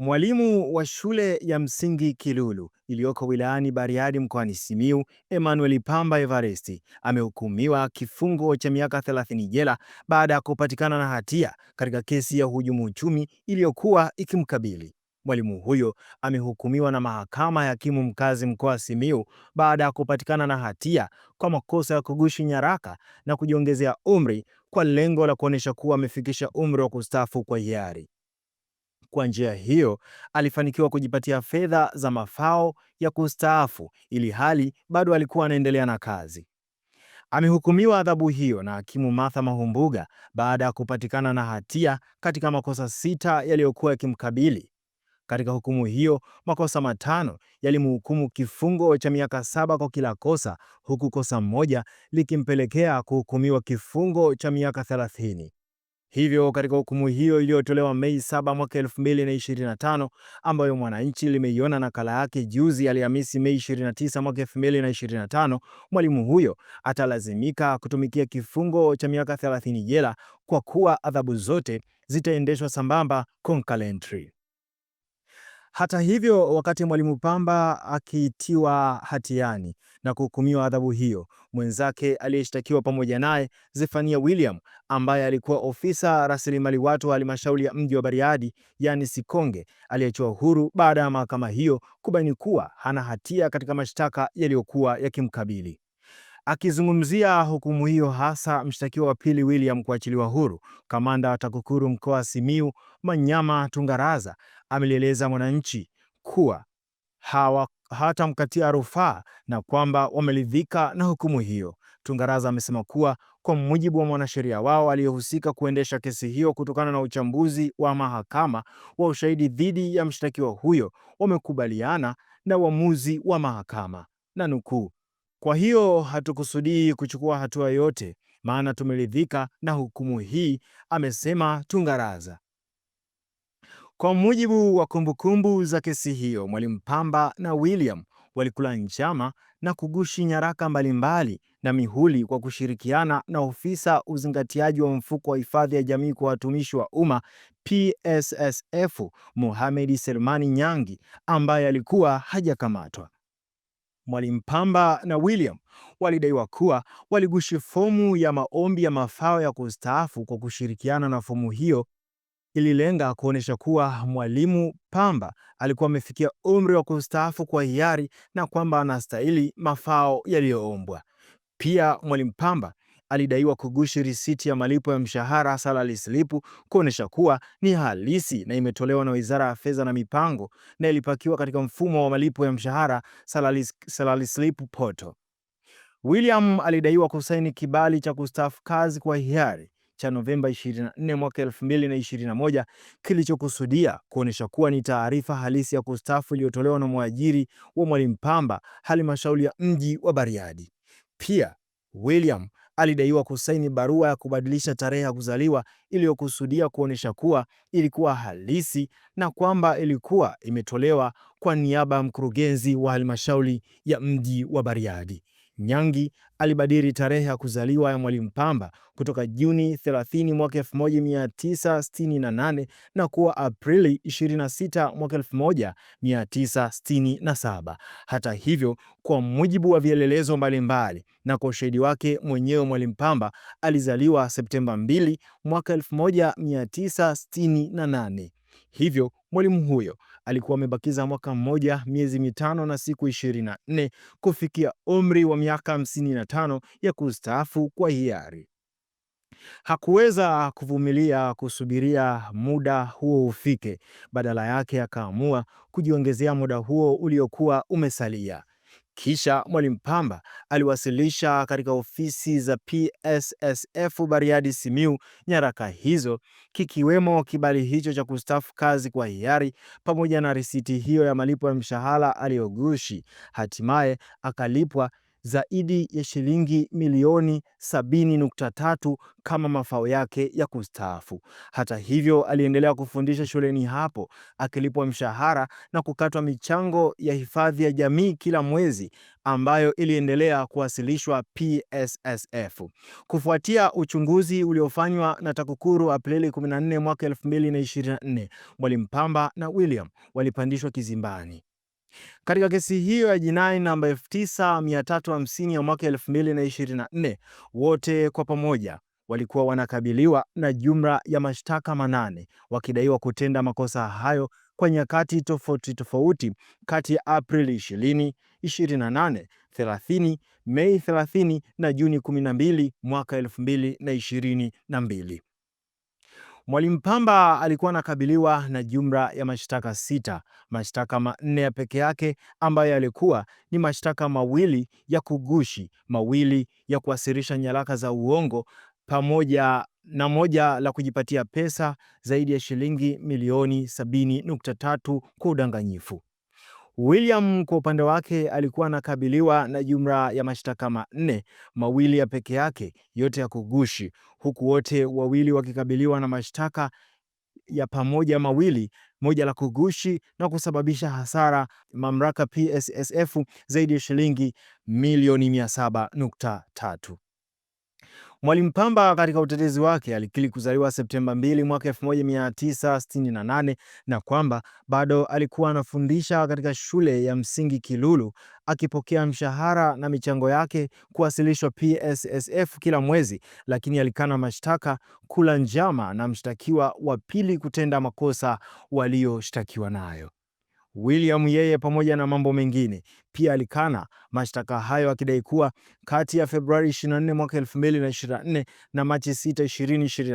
Mwalimu wa shule ya msingi Kilulu iliyoko wilayani Bariadi mkoani Simiyu, Emmanuel Pamba Evaresti amehukumiwa kifungo cha miaka 30 jela baada ya kupatikana na hatia katika kesi ya uhujumu uchumi iliyokuwa ikimkabili. Mwalimu huyo amehukumiwa na Mahakama ya Hakimu Mkazi Mkoa wa Simiyu baada ya kupatikana na hatia kwa makosa ya kugushi nyaraka na kujiongezea umri kwa lengo la kuonyesha kuwa amefikisha umri wa kustaafu kwa hiari. Kwa njia hiyo, alifanikiwa kujipatia fedha za mafao ya kustaafu ili hali bado alikuwa anaendelea na kazi. Amehukumiwa adhabu hiyo na hakimu Martha Mahumbuga baada ya kupatikana na hatia katika makosa sita yaliyokuwa yakimkabili. Katika hukumu hiyo, makosa matano yalimhukumu kifungo cha miaka saba kwa kila kosa, huku kosa moja likimpelekea kuhukumiwa kifungo cha miaka thelathini. Hivyo katika hukumu hiyo iliyotolewa Mei 7 mwaka 2025, ambayo Mwananchi limeiona nakala yake juzi Alhamisi Mei 29 mwaka 2025, mwalimu huyo atalazimika kutumikia kifungo cha miaka 30 jela kwa kuwa adhabu zote zitaendeshwa sambamba concurrently. Hata hivyo, wakati Mwalimu Pamba akiitiwa hatiani na kuhukumiwa adhabu hiyo, mwenzake aliyeshtakiwa pamoja naye Zefania William ambaye alikuwa ofisa rasilimali watu wa halmashauri ya mji wa Bariadi yani Sikonge, aliachiwa huru baada ya mahakama hiyo kubaini kuwa hana hatia katika mashtaka yaliyokuwa yakimkabili. Akizungumzia hukumu hiyo hasa mshtakiwa wa pili William kuachiliwa huru, kamanda wa TAKUKURU mkoa wa Simiyu Manyama Tungaraza amelieleza Mwananchi kuwa hawatamkatia rufaa na kwamba wameridhika na hukumu hiyo. Tungaraza amesema kuwa kwa mujibu wa mwanasheria wao aliyehusika kuendesha kesi hiyo, kutokana na uchambuzi wa mahakama wa ushahidi dhidi ya mshtakiwa huyo, wamekubaliana na uamuzi wa mahakama na nukuu, kwa hiyo hatukusudii kuchukua hatua yote maana tumeridhika na hukumu hii, amesema Tungaraza. Kwa mujibu wa kumbukumbu za kesi hiyo, Mwalimu Pamba na William walikula njama na kugushi nyaraka mbalimbali na mihuri kwa kushirikiana na ofisa uzingatiaji wa mfuko wa hifadhi ya jamii kwa watumishi wa umma PSSF Mohamed Selmani Nyangi ambaye alikuwa hajakamatwa. Mwalimu Pamba na William walidaiwa kuwa waligushi fomu ya maombi ya mafao ya kustaafu kwa kushirikiana na fomu hiyo ililenga kuonyesha kuwa Mwalimu Pamba alikuwa amefikia umri wa kustaafu kwa hiari na kwamba anastahili mafao yaliyoombwa. Pia Mwalimu Pamba alidaiwa kugushi risiti ya malipo ya mshahara salary slip kuonyesha kuwa ni halisi na imetolewa na Wizara ya Fedha na Mipango na ilipakiwa katika mfumo wa malipo ya mshahara salary, salary slip portal. William alidaiwa kusaini kibali cha kustaafu kazi kwa hiari cha Novemba 24 mwaka 2021 kilichokusudia kuonesha kuwa ni taarifa halisi ya kustaafu iliyotolewa na mwajiri wa Mwalimu Pamba, halmashauri ya mji wa Bariadi. Pia William alidaiwa kusaini barua ya kubadilisha tarehe ya kuzaliwa iliyokusudia kuonesha kuwa ilikuwa halisi na kwamba ilikuwa imetolewa kwa niaba ya mkurugenzi wa halmashauri ya mji wa Bariadi. Nyangi alibadili tarehe ya kuzaliwa ya Mwalimu Pamba kutoka Juni 30 mwaka 1968 na kuwa Aprili 26 mwaka 1967. Hata hivyo, kwa mujibu wa vielelezo mbalimbali na kwa ushahidi wake mwenyewe, Mwalimu Pamba alizaliwa Septemba 2 mwaka 1968. Hivyo mwalimu huyo alikuwa amebakiza mwaka mmoja miezi mitano na siku 24 kufikia umri wa miaka 55 ya kustaafu kwa hiari. Hakuweza kuvumilia kusubiria muda huo ufike, badala yake akaamua kujiongezea muda huo uliokuwa umesalia. Kisha Mwalimu Pamba aliwasilisha katika ofisi za PSSF Bariadi simiu nyaraka hizo kikiwemo kibali hicho cha kustaafu kazi kwa hiari pamoja na risiti hiyo ya malipo ya mshahara aliyogushi Hatimaye akalipwa zaidi ya shilingi milioni 70.3 kama mafao yake ya kustaafu. Hata hivyo, aliendelea kufundisha shuleni hapo akilipwa mshahara na kukatwa michango ya hifadhi ya jamii kila mwezi ambayo iliendelea kuwasilishwa PSSF. Kufuatia uchunguzi uliofanywa na TAKUKURU Aprili 14 mwaka 2024, Mwalimu Pamba na William walipandishwa kizimbani. Katika kesi hiyo ya jinai namba 9350 ya mwaka 2024, wote kwa pamoja walikuwa wanakabiliwa na jumla ya mashtaka manane, wakidaiwa kutenda makosa hayo kwa nyakati tofauti tofauti kati ya Aprili 20, 28, 30, Mei 30 na Juni 12 mwaka 2022. Mwalimu Pamba alikuwa anakabiliwa na jumla ya mashtaka sita, mashtaka manne ya peke yake ambayo yalikuwa ni mashtaka mawili ya kugushi mawili ya kuwasilisha nyaraka za uongo pamoja na moja la kujipatia pesa zaidi ya shilingi milioni 70.3 kwa udanganyifu. William kwa upande wake alikuwa anakabiliwa na jumla ya mashtaka manne, mawili ya peke yake, yote ya kugushi huku wote wawili wakikabiliwa na mashtaka ya pamoja mawili, moja la kugushi na kusababisha hasara mamlaka PSSF zaidi ya shilingi milioni 700.3. Mwalimu Pamba katika utetezi wake alikiri kuzaliwa Septemba 2 mwaka 1968 na kwamba bado alikuwa anafundisha katika shule ya msingi Kilulu akipokea mshahara na michango yake kuwasilishwa PSSF kila mwezi, lakini alikana mashtaka, kula njama na mshtakiwa wa pili kutenda makosa walioshtakiwa nayo. William yeye pamoja na mambo mengine pia alikana mashtaka hayo akidai kuwa kati ya Februari 24 mwaka 2024 na Machi 6,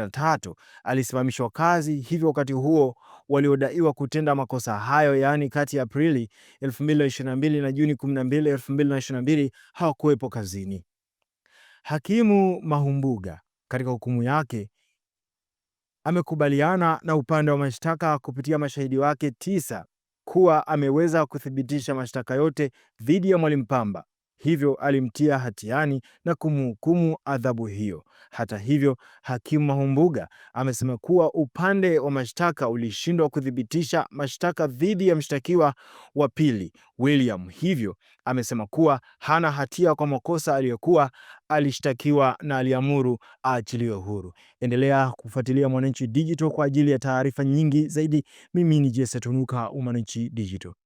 2023 alisimamishwa kazi, hivyo wakati huo waliodaiwa kutenda makosa hayo yaani kati ya Aprili 2022 na Juni 12, 2022 hawakuwepo kazini. Hakimu Mahumbuga katika hukumu yake amekubaliana na upande wa mashtaka kupitia mashahidi wake tisa kuwa ameweza kuthibitisha mashtaka yote dhidi ya Mwalimu Pamba hivyo alimtia hatiani na kumhukumu adhabu hiyo. Hata hivyo, hakimu Mahumbuga amesema kuwa upande wa mashtaka ulishindwa kuthibitisha mashtaka dhidi ya mshtakiwa wa pili William, hivyo amesema kuwa hana hatia kwa makosa aliyokuwa alishtakiwa na aliamuru aachiliwe huru. Endelea kufuatilia Mwananchi Digital kwa ajili ya taarifa nyingi zaidi. Mimi ni Jesse Tunuka wa Mwananchi Digital.